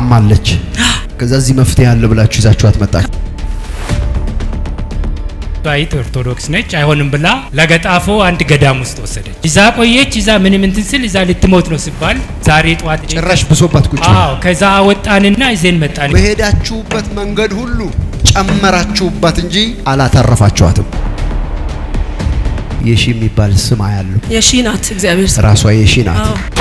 ታማለች። ከዛ እዚህ መፍትሄ አለ ብላችሁ ይዛችሁ አትመጣችሁ። ባይት ኦርቶዶክስ ነች፣ አይሆንም ብላ ለገጣፎ አንድ ገዳም ውስጥ ወሰደች። ይዛ ቆየች። ይዛ ምንም እንትን ስል ይዛ ልትሞት ነው ሲባል ዛሬ ጠዋት ጭራሽ ብሶባት ቁጭ። አዎ ከዛ ወጣንና ይዘን መጣን። በሄዳችሁበት መንገድ ሁሉ ጨመራችሁባት እንጂ አላተረፋችኋትም። የሺ የሚባል ስም አያለሁ። የሺ ናት፣ እግዚአብሔር ራሷ የሺ ናት።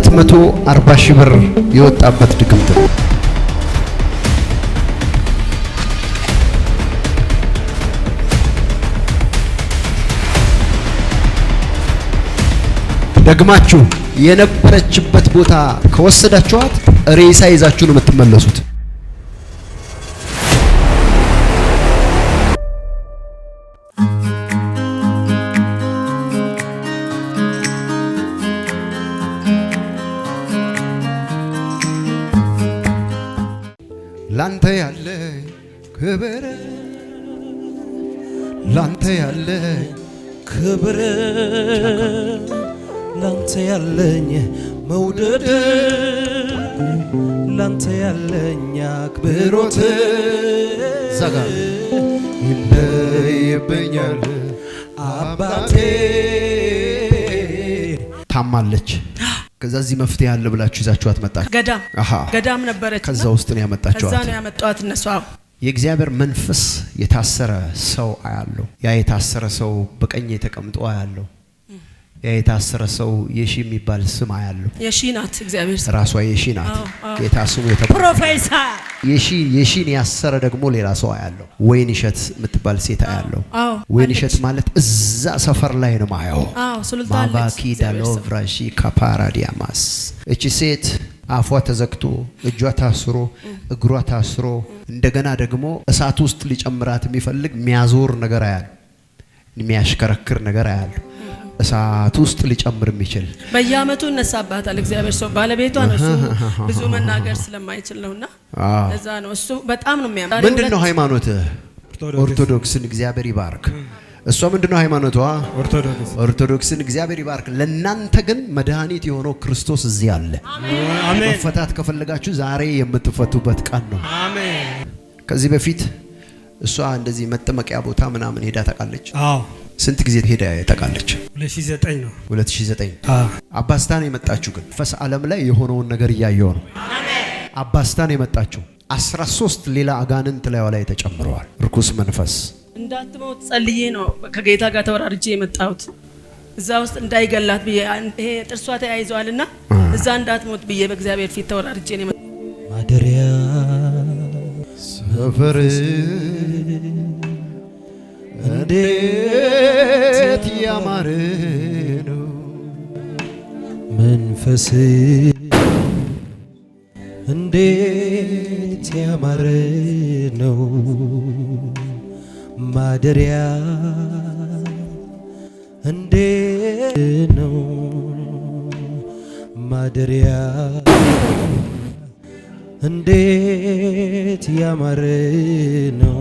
240 ሺህ ብር የወጣበት ድግምት ነው። ደግማችሁ የነበረችበት ቦታ ከወሰዳችኋት ሬሳ ይዛችሁ ነው የምትመለሱት። ላንተ ያለ ክብር ላንተ ያለ ክብር ላንተ ያለኝ መውደድ ላንተ ያለኝ አክብሮት ዘጋ ይለይብኛል አባቴ ታማለች ከዛ እዚህ መፍትሄ አለ ብላችሁ ይዛችኋት መጣችሁ። ገዳም ገዳም ነበረች። ከዛ ውስጥ ነው ያመጣችኋት። ከዛ ነው ያመጣኋት እነሱ። አዎ የእግዚአብሔር መንፈስ የታሰረ ሰው አያለው። ያ የታሰረ ሰው በቀኝ ተቀምጦ አያለው። የታሰረ ሰው የሺ የሚባል ስም አያሉ። የሺ ናት እግዚአብሔር ራሷ የሺ ናት። ጌታ ስሙ ፕሮፌሰር የሺ የሺን ያሰረ ደግሞ ሌላ ሰው አያለው። ወይን እሸት የምትባል ሴት አያለው። ወይን ማለት እዛ ሰፈር ላይ ነው ማየው። ማባኪ ዳሎቭራሺ ካፓራዲያማስ እቺ ሴት አፏ ተዘግቶ እጇ ታስሮ እግሯ ታስሮ እንደገና ደግሞ እሳት ውስጥ ሊጨምራት የሚፈልግ የሚያዞር ነገር አያሉ፣ የሚያሽከረክር ነገር አያሉ እሳት ውስጥ ሊጨምር የሚችል በየአመቱ እነሳባታል። እግዚአብሔር ሰው ባለቤቷ ነው። እሱ ብዙ መናገር ስለማይችል ነውና እዛ ነው እሱ በጣም ነው የሚያምር። ምንድን ነው ሃይማኖት ኦርቶዶክስን እግዚአብሔር ይባርክ። እሷ ምንድነው ሃይማኖቷ? ኦርቶዶክስን እግዚአብሔር ይባርክ። ለእናንተ ግን መድኃኒት የሆነው ክርስቶስ እዚህ አለ። መፈታት ከፈለጋችሁ ዛሬ የምትፈቱበት ቀን ነው። ከዚህ በፊት እሷ እንደዚህ መጠመቂያ ቦታ ምናምን ሄዳ ታውቃለች። ስንት ጊዜ ሄደ ታውቃለች? 2009 ነው 2009 አባስታን የመጣችሁ። ግን ፈስ ዓለም ላይ የሆነውን ነገር እያየው ነው። አባስታ ነው የመጣችሁ። 13 ሌላ አጋንንት ላይዋ ላይ ተጨምረዋል። ርኩስ መንፈስ እንዳትሞት ጸልዬ ነው ከጌታ ጋር ተወራርጄ የመጣሁት እዛ ውስጥ እንዳይገላት ብዬ ይሄ ጥርሷ ተያይዘዋልና እዛ እንዳትሞት ብዬ በእግዚአብሔር ፊት ተወራርጄ ነው ማደሪያ ሰፈር እንዴት ያማረ ነው መንፈስ እንዴት ያማረ ነው ማደሪያ እንዴት ነው ማደሪያ እንዴት ያማረ ነው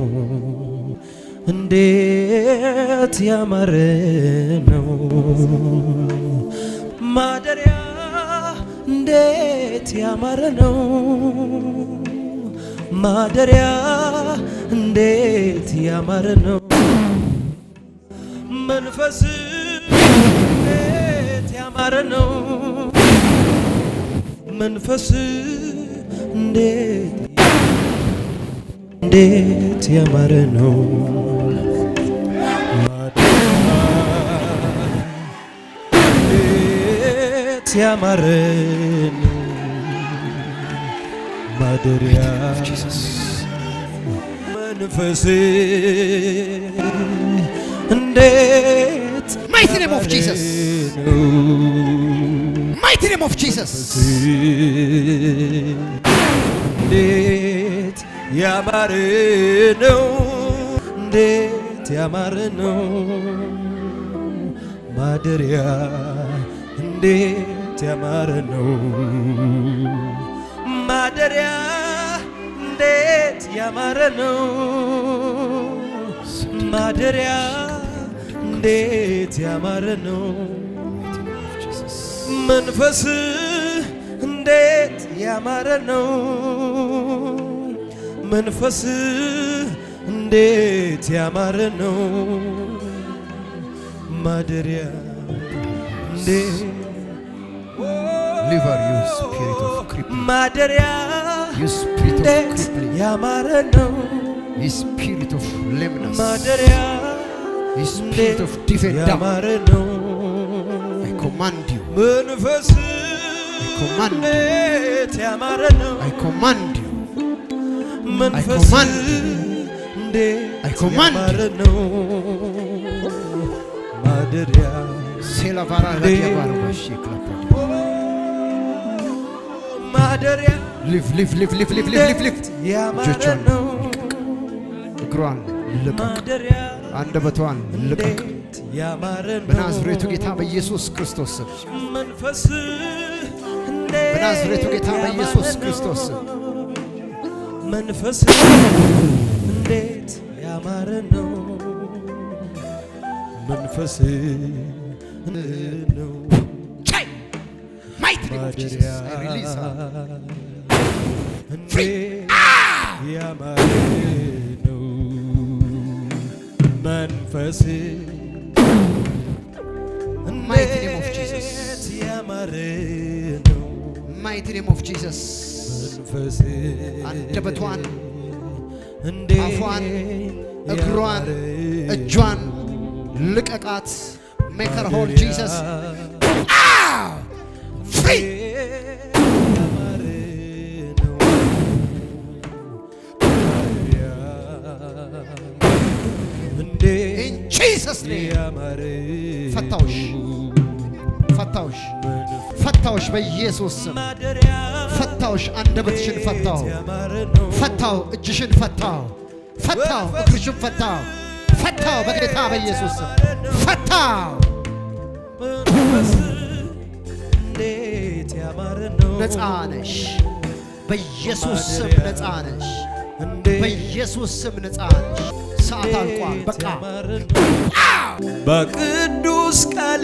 እንዴት ያማረ ነው ማደሪያ፣ እንዴት ያማረ ነው ማደሪያ፣ እንዴት ያማረ ነው መንፈስ፣ እንዴት ያማረ ነው መንፈስ እንዴት ያማረ ነው ሲያማረን ማደሪያ መንፈሴ እንዴት ማይቲ ኔም ኦፍ ጂሰስ ማይቲ ኔም ኦፍ ጂሰስ እንዴት ያማረ ነው እንዴት ያማረ ነው ማደሪያ እንዴት ያማረ ነው ማደሪያ እንዴት ያማረ ነው ማደሪያ እንዴት ያማረ ነው መንፈስ እንዴት ያማረ ነው መንፈስ እንዴት ያማረ ነው ማደሪያ እንዴት ማደሪያ እንዴት ያማረ ነው ማደሪያ እንዴት ያማረ ነው መንፈስ እንዴት ያማረ ነው መንፈስ እንዴት ያማረ ነው ማደሪያ ማደሪያ ሊፍ ሊፍ እጆቿን እግሯን ልቀቅ፣ አንደበቷን ልቀቅ። በናዝሬቱ ጌታ በኢየሱስ ክርስቶስ ስም በናዝሬቱ ጌታ በኢየሱስ ክርስቶስ ስም መንፈስ እንዴት ያማረ ነው መንፈስ ነው mighty name of Jesus, I release her. Free. Ah! Mighty name of Jesus. Mighty name of Jesus. አንደበቷን አፏን እግሯን እጇን ልቀቃት። ሜከር ሆል ጂሰስ ኢንጂሰስ ፈታዎች ፈታዎች ፈታዎች በኢየሱስ ስም ፈታዎች። አንደበትሽን ፈታው ፈታው። እጅሽን ፈታው ፈታው። እግርሽን ፈታው ፈታው። በጌታ በኢየሱስ ስም ፈታው። ነፃ ነሽ። በኢየሱስ ስም ነፃ ነሽ። በኢየሱስ ስም ነፃ ነሽ። ሰዓት አልቋል። በቃ በቅዱስ ቃል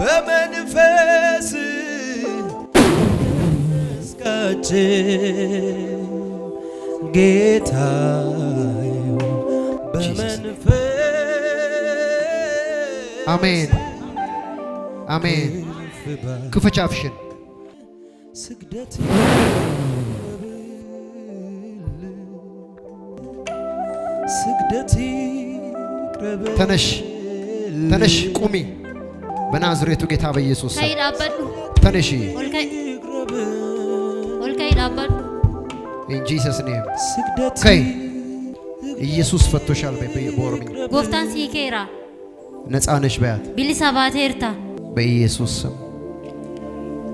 በመንፈስ ስቀጭ ጌታ በመንፈስ አሜን አሜን ክፈቻፍሽን ስግደት ስግደት ተነሽ ተነሽ ቁሚ በናዝሬቱ ጌታ በኢየሱስ ተነሽ ኢንጂሰስ ኔም ከይ ኢየሱስ ፈቶሻል በኦሮምኛ ጎፍታን ሲኬራ ነፃ ነሽ በያት ቢሊሳ በኢየሱስ ስም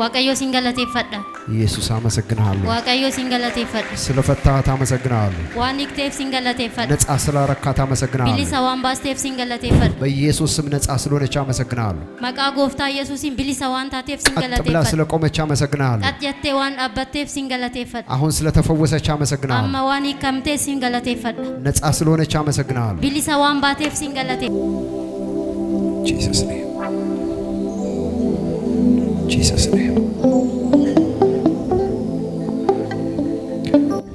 ዋቀዮ ሲንገለት ፈዳ ኢየሱስ አመሰግናለሁ። ዋቀዮ ሲንገለቴ ፈዳ ስለፈታህ አመሰግናለሁ። ዋን ኢክቴፍ ሲንገለቴ ነጻ ስላረካት አመሰግናለሁ። ቢሊሳ ዋን ባስቴፍ ሲንገለቴ በኢየሱስ ስም ነጻ ስለሆነች አመሰግናለሁ። መቃ ጎፍታ ኢየሱስን ቢሊሳ ዋን ታቴፍ ሲንገለቴ ፈዳ ስለቆመች አመሰግናለሁ። ቀጥ ዋን አባቴፍ ሲንገለቴ ፈዳ አሁን ስለተፈወሰች አመሰግናለሁ። አማ ዋን ይከምቴ ሲንገለቴ ፈዳ ነጻ ስለሆነች አመሰግናለሁ። ቢሊሳ ዋን ባቴፍ ሲንገለቴ ጂሰስ ኔም ጂሰስ ነው።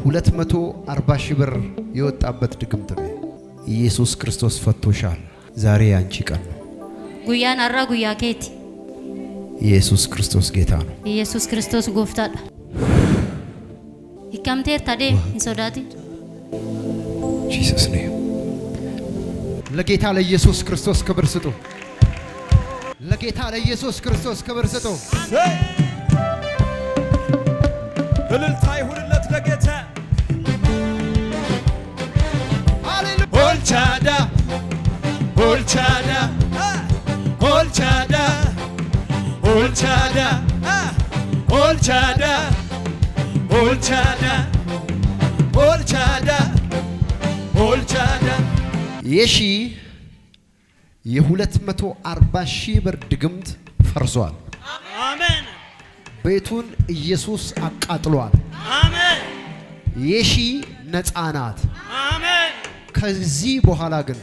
ሁለት መቶ አርባ ሺህ ብር የወጣበት ድግምት ነው። ኢየሱስ ክርስቶስ ፈቶሻል። ዛሬ ያንቺ ቀን ነው። ጉያን አራ ጉያ ኬቲ ኢየሱስ ክርስቶስ ጌታ ነው። ኢየሱስ ክርስቶስ ጎፍታ ታዴ ጂሰስ ነው። ለጌታ ለኢየሱስ ክርስቶስ ክብር ስጡ። ለጌታ ለኢየሱስ ክርስቶስ ክብር ስጡ። እልልታ ይሁንለት ለጌታ። ሆልቻዳ ሆልቻዳ ሆልቻዳ ሆልቻዳ ሆልቻዳ ሆልቻዳ ሆልቻዳ ሆልቻዳ የሺ የ አርባ ሺህ ብር ድግምት ፈርሷል። አሜን። ቤቱን ኢየሱስ አቃጥሏል። አሜን። የሺ ነጻ ናት። አሜን። ከዚህ በኋላ ግን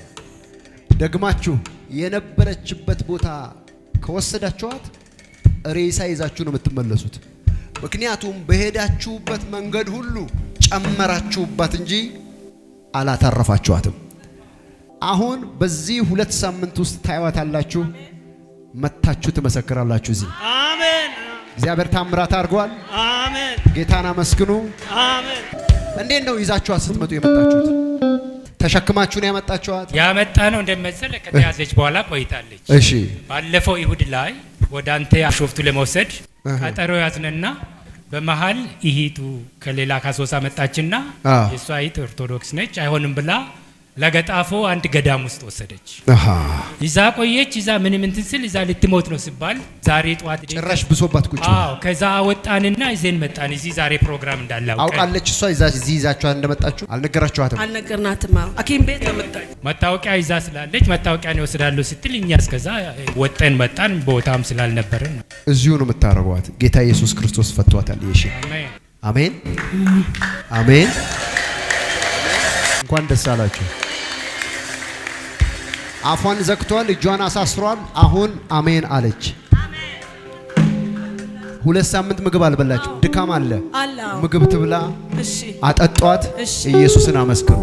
ደግማችሁ የነበረችበት ቦታ ከወሰዳችኋት ሬሳ ይዛችሁ ነው የምትመለሱት። ምክንያቱም በሄዳችሁበት መንገድ ሁሉ ጨመራችሁባት እንጂ አላተረፋችኋትም። አሁን በዚህ ሁለት ሳምንት ውስጥ ታዩታላችሁ። መታችሁ ትመሰክራላችሁ። እዚህ አሜን። እግዚአብሔር ታምራት አድርጓል። አሜን። ጌታን አመስግኑ። አሜን። እንዴት ነው ይዛችኋት ስትመጡ የመጣችሁት? ተሸክማችሁን ነው ያመጣችኋት? ያመጣ ነው እንደመሰለ ከተያዘች በኋላ ቆይታለች። እሺ፣ ባለፈው ይሁድ ላይ ወደ አንተ አሾፍቱ ለመውሰድ ቀጠሮ ያዝነና በመሀል ይሂቱ ከሌላ ካሶሳ መጣችና የእሷ ይት ኦርቶዶክስ ነች አይሆንም ብላ ለገጣፎ አንድ ገዳም ውስጥ ወሰደች። ይዛ ቆየች። ይዛ ምንም እንትን ስል ይዛ ልትሞት ነው ሲባል ዛሬ ጠዋት ጭራሽ ብሶባት ቁጭ አዎ። ከዛ አወጣንና ይዘን መጣን። እዚህ ዛሬ ፕሮግራም እንዳላውቀ አውቃለች። እሷ ይዛ እዚህ ይዛችኋት እንደመጣችሁ አልነገራችኋትም? አልነገርናትም። ሐኪም ቤት መታወቂያ ይዛ ስላለች መታወቂያ ነው ወስዳለሁ ስትል እኛ እስከዛ ወጠን መጣን። ቦታም ስላልነበረን ነው እዚሁ ነው የምታረጓት። ጌታ ኢየሱስ ክርስቶስ ፈቷታል። ይሽ አሜን፣ አሜን። እንኳን ደስ አላችሁ። አፏን ዘግቷል፣ እጇን አሳስሯል። አሁን አሜን አለች። ሁለት ሳምንት ምግብ አልበላችሁ፣ ድካም አለ። ምግብ ትብላ። አጠጧት። ኢየሱስን አመስግኑ።